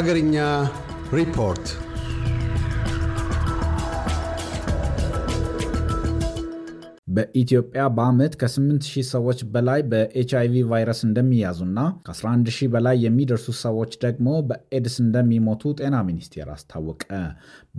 ሀገርኛ ሪፖርት በኢትዮጵያ በዓመት ከ8000 ሰዎች በላይ በኤች አይቪ ቫይረስ እንደሚያዙና ከ11000 በላይ የሚደርሱ ሰዎች ደግሞ በኤድስ እንደሚሞቱ ጤና ሚኒስቴር አስታወቀ።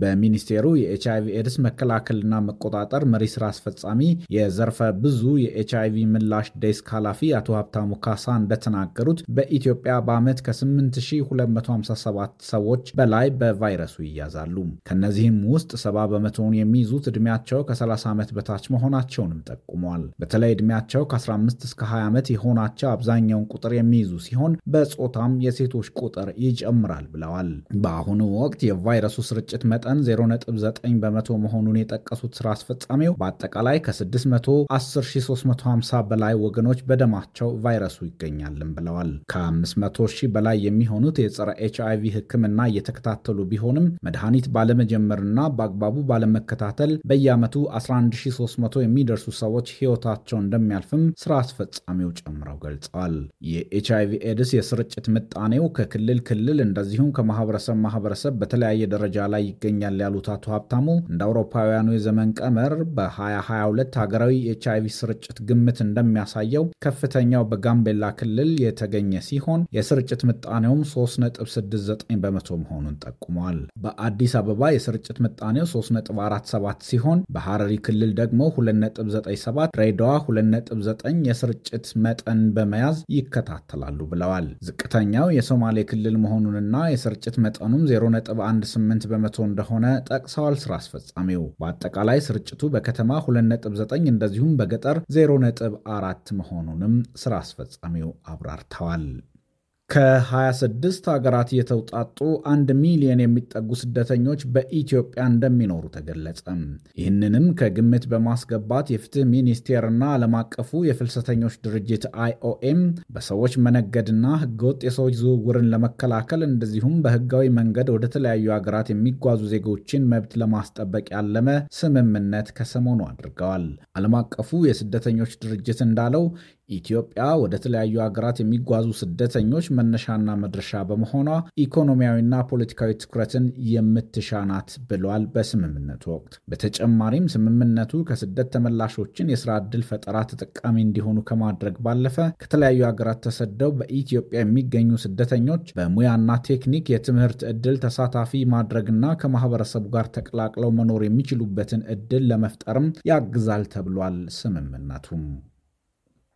በሚኒስቴሩ የኤች አይቪ ኤድስ መከላከልና መቆጣጠር መሪ ስራ አስፈጻሚ የዘርፈ ብዙ የኤች አይቪ ምላሽ ዴስክ ኃላፊ አቶ ሀብታሙ ካሳ እንደተናገሩት በኢትዮጵያ በዓመት ከ8257 ሰዎች በላይ በቫይረሱ ይያዛሉ። ከነዚህም ውስጥ ሰባ በመቶውን የሚይዙት ዕድሜያቸው ከ30 ዓመት በታች መሆናቸው መሆናቸውንም ጠቁመዋል። በተለይ ዕድሜያቸው ከ15 እስከ 20 ዓመት የሆናቸው አብዛኛውን ቁጥር የሚይዙ ሲሆን በጾታም የሴቶች ቁጥር ይጨምራል ብለዋል። በአሁኑ ወቅት የቫይረሱ ስርጭት መጠን 0.9 በመቶ መሆኑን የጠቀሱት ስራ አስፈጻሚው በአጠቃላይ ከ610350 በላይ ወገኖች በደማቸው ቫይረሱ ይገኛልን ብለዋል። ከ500 ሺህ በላይ የሚሆኑት የጸረ ኤች አይቪ ሕክምና እየተከታተሉ ቢሆንም መድኃኒት ባለመጀመርና በአግባቡ ባለመከታተል በየዓመቱ 11300 የሚደርሱ የደረሱ ሰዎች ሕይወታቸው እንደሚያልፍም ስራ አስፈጻሚው ጨምረው ገልጸዋል። የኤች አይቪ ኤድስ የስርጭት ምጣኔው ከክልል ክልል እንደዚሁም ከማህበረሰብ ማህበረሰብ በተለያየ ደረጃ ላይ ይገኛል ያሉት አቶ ሀብታሙ እንደ አውሮፓውያኑ የዘመን ቀመር በ2022 ሀገራዊ የኤች አይቪ ስርጭት ግምት እንደሚያሳየው ከፍተኛው በጋምቤላ ክልል የተገኘ ሲሆን የስርጭት ምጣኔውም 3.69 በመቶ መሆኑን ጠቁመዋል። በአዲስ አበባ የስርጭት ምጣኔው 3.47 ሲሆን በሐረሪ ክልል ደግሞ 2 2.97 ድሬዳዋ 2.9 የስርጭት መጠን በመያዝ ይከታተላሉ ብለዋል። ዝቅተኛው የሶማሌ ክልል መሆኑንና የስርጭት መጠኑም 0.18 በመቶ እንደሆነ ጠቅሰዋል። ስራ አስፈጻሚው በአጠቃላይ ስርጭቱ በከተማ 2.9 እንደዚሁም በገጠር 0.4 መሆኑንም ስራ አስፈጻሚው አብራርተዋል። ከ26 ሀገራት የተውጣጡ አንድ ሚሊዮን የሚጠጉ ስደተኞች በኢትዮጵያ እንደሚኖሩ ተገለጸ። ይህንንም ከግምት በማስገባት የፍትህ ሚኒስቴርና ዓለም አቀፉ የፍልሰተኞች ድርጅት አይኦኤም በሰዎች መነገድና ህገወጥ የሰዎች ዝውውርን ለመከላከል እንደዚሁም በህጋዊ መንገድ ወደ ተለያዩ ሀገራት የሚጓዙ ዜጎችን መብት ለማስጠበቅ ያለመ ስምምነት ከሰሞኑ አድርገዋል። ዓለም አቀፉ የስደተኞች ድርጅት እንዳለው ኢትዮጵያ ወደ ተለያዩ ሀገራት የሚጓዙ ስደተኞች መነሻና መድረሻ በመሆኗ ኢኮኖሚያዊና ፖለቲካዊ ትኩረትን የምትሻ ናት ብሏል በስምምነቱ ወቅት። በተጨማሪም ስምምነቱ ከስደት ተመላሾችን የስራ ዕድል ፈጠራ ተጠቃሚ እንዲሆኑ ከማድረግ ባለፈ ከተለያዩ ሀገራት ተሰደው በኢትዮጵያ የሚገኙ ስደተኞች በሙያና ቴክኒክ የትምህርት ዕድል ተሳታፊ ማድረግና ከማህበረሰቡ ጋር ተቀላቅለው መኖር የሚችሉበትን ዕድል ለመፍጠርም ያግዛል ተብሏል ስምምነቱም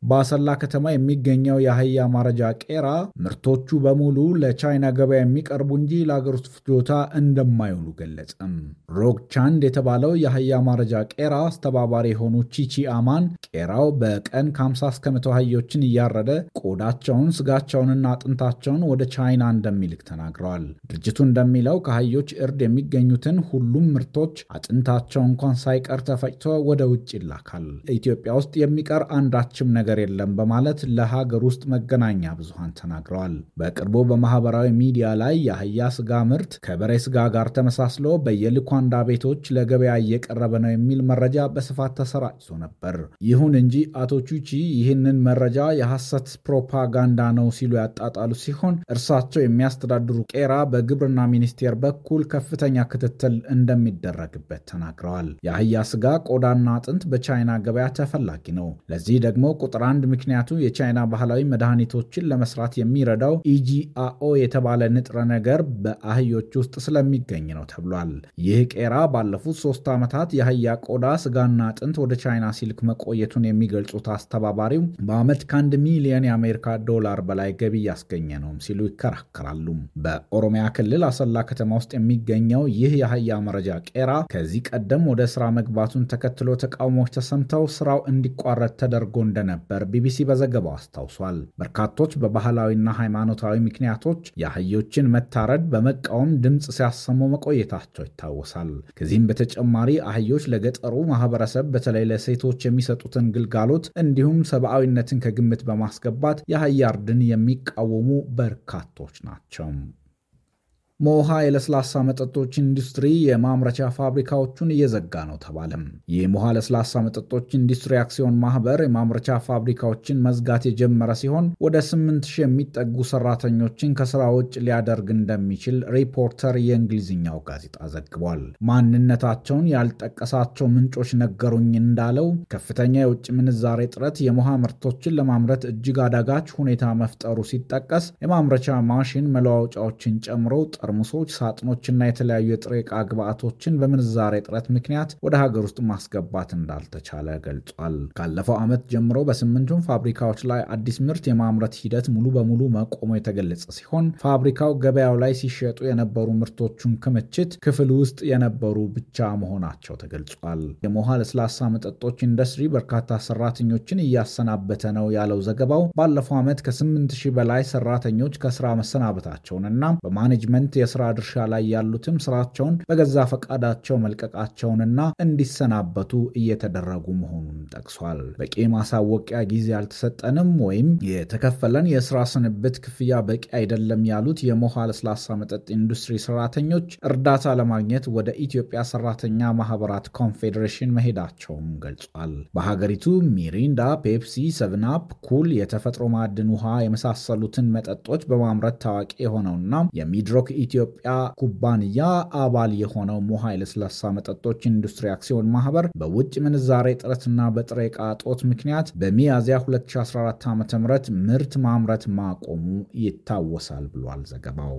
በአሰላ ከተማ የሚገኘው የአህያ ማረጃ ቄራ ምርቶቹ በሙሉ ለቻይና ገበያ የሚቀርቡ እንጂ ለአገር ውስጥ ፍጆታ እንደማይውሉ ገለጸም። ቻንድ የተባለው የአህያ ማረጃ ቄራ አስተባባሪ የሆኑ ቺቺ አማን ቄራው በቀን ከ50 እስከ መቶ አህዮችን እያረደ ቆዳቸውን፣ ስጋቸውንና አጥንታቸውን ወደ ቻይና እንደሚልክ ተናግረዋል። ድርጅቱ እንደሚለው ከአህዮች እርድ የሚገኙትን ሁሉም ምርቶች አጥንታቸው እንኳን ሳይቀር ተፈጭቶ ወደ ውጭ ይላካል። ኢትዮጵያ ውስጥ የሚቀር አንዳችም ነገር የለም በማለት ለሀገር ውስጥ መገናኛ ብዙሃን ተናግረዋል። በቅርቡ በማህበራዊ ሚዲያ ላይ የአህያ ስጋ ምርት ከበሬ ስጋ ጋር ተመሳስሎ በየልኳን ሀንዳ ቤቶች ለገበያ እየቀረበ ነው የሚል መረጃ በስፋት ተሰራጭቶ ነበር። ይሁን እንጂ አቶ ቹቺ ይህንን መረጃ የሐሰት ፕሮፓጋንዳ ነው ሲሉ ያጣጣሉ ሲሆን እርሳቸው የሚያስተዳድሩ ቄራ በግብርና ሚኒስቴር በኩል ከፍተኛ ክትትል እንደሚደረግበት ተናግረዋል። የአህያ ስጋ ቆዳና አጥንት በቻይና ገበያ ተፈላጊ ነው። ለዚህ ደግሞ ቁጥር አንድ ምክንያቱ የቻይና ባህላዊ መድኃኒቶችን ለመስራት የሚረዳው ኢጂአኦ የተባለ ንጥረ ነገር በአህዮች ውስጥ ስለሚገኝ ነው ተብሏል። ይህ ቄራ ባለፉት ሶስት ዓመታት የአህያ ቆዳ ስጋና አጥንት ወደ ቻይና ሲልክ መቆየቱን የሚገልጹት አስተባባሪው በዓመት ከአንድ ሚሊዮን የአሜሪካ ዶላር በላይ ገቢ እያስገኘ ነውም ሲሉ ይከራከራሉ። በኦሮሚያ ክልል አሰላ ከተማ ውስጥ የሚገኘው ይህ የአህያ መረጃ ቄራ ከዚህ ቀደም ወደ ስራ መግባቱን ተከትሎ ተቃውሞዎች ተሰምተው ስራው እንዲቋረጥ ተደርጎ እንደነበር ቢቢሲ በዘገባው አስታውሷል። በርካቶች በባህላዊና ሃይማኖታዊ ምክንያቶች የአህዮችን መታረድ በመቃወም ድምፅ ሲያሰሙ መቆየታቸው ይታወሳል። ይጠቀሳል። ከዚህም በተጨማሪ አህዮች ለገጠሩ ማህበረሰብ በተለይ ለሴቶች የሚሰጡትን ግልጋሎት እንዲሁም ሰብአዊነትን ከግምት በማስገባት የአህያ የሚቃወሙ በርካቶች ናቸው። ሞሃ የለስላሳ መጠጦች ኢንዱስትሪ የማምረቻ ፋብሪካዎቹን እየዘጋ ነው ተባለም። ሞሃ ለስላሳ መጠጦች ኢንዱስትሪ አክሲዮን ማህበር የማምረቻ ፋብሪካዎችን መዝጋት የጀመረ ሲሆን ወደ 8000 የሚጠጉ ሰራተኞችን ከስራ ውጭ ሊያደርግ እንደሚችል ሪፖርተር የእንግሊዝኛው ጋዜጣ ዘግቧል። ማንነታቸውን ያልጠቀሳቸው ምንጮች ነገሩኝ እንዳለው ከፍተኛ የውጭ ምንዛሬ ጥረት የሞሃ ምርቶችን ለማምረት እጅግ አዳጋች ሁኔታ መፍጠሩ ሲጠቀስ የማምረቻ ማሽን መለዋወጫዎችን ጨምሮ ጠርሙሶች፣ ሳጥኖችና የተለያዩ የጥሬ ዕቃ ግብዓቶችን በምንዛሬ ጥረት ምክንያት ወደ ሀገር ውስጥ ማስገባት እንዳልተቻለ ገልጿል። ካለፈው ዓመት ጀምሮ በስምንቱም ፋብሪካዎች ላይ አዲስ ምርት የማምረት ሂደት ሙሉ በሙሉ መቆሙ የተገለጸ ሲሆን ፋብሪካው ገበያው ላይ ሲሸጡ የነበሩ ምርቶቹን ክምችት ክፍል ውስጥ የነበሩ ብቻ መሆናቸው ተገልጿል። የሞሃ ለስላሳ መጠጦች ኢንዱስትሪ በርካታ ሰራተኞችን እያሰናበተ ነው ያለው ዘገባው ባለፈው ዓመት ከ8 ሺህ በላይ ሰራተኞች ከስራ መሰናበታቸውንና በማኔጅመንት የስራ ድርሻ ላይ ያሉትም ስራቸውን በገዛ ፈቃዳቸው መልቀቃቸውንና እንዲሰናበቱ እየተደረጉ መሆኑን ጠቅሷል። በቂ ማሳወቂያ ጊዜ አልተሰጠንም ወይም የተከፈለን የስራ ስንብት ክፍያ በቂ አይደለም ያሉት የሞሃ ለስላሳ መጠጥ ኢንዱስትሪ ሰራተኞች እርዳታ ለማግኘት ወደ ኢትዮጵያ ሰራተኛ ማህበራት ኮንፌዴሬሽን መሄዳቸውም ገልጿል። በሀገሪቱ ሚሪንዳ፣ ፔፕሲ፣ ሰብናፕ፣ ኩል፣ የተፈጥሮ ማዕድን ውሃ የመሳሰሉትን መጠጦች በማምረት ታዋቂ የሆነውና የሚድሮክ የኢትዮጵያ ኩባንያ አባል የሆነው ሞ ኃይለስላሳ መጠጦች ኢንዱስትሪ አክሲዮን ማህበር በውጭ ምንዛሬ ጥረትና በጥሬ ዕቃ እጦት ምክንያት በሚያዝያ 2014 ዓ ም ምርት ማምረት ማቆሙ ይታወሳል ብሏል ዘገባው።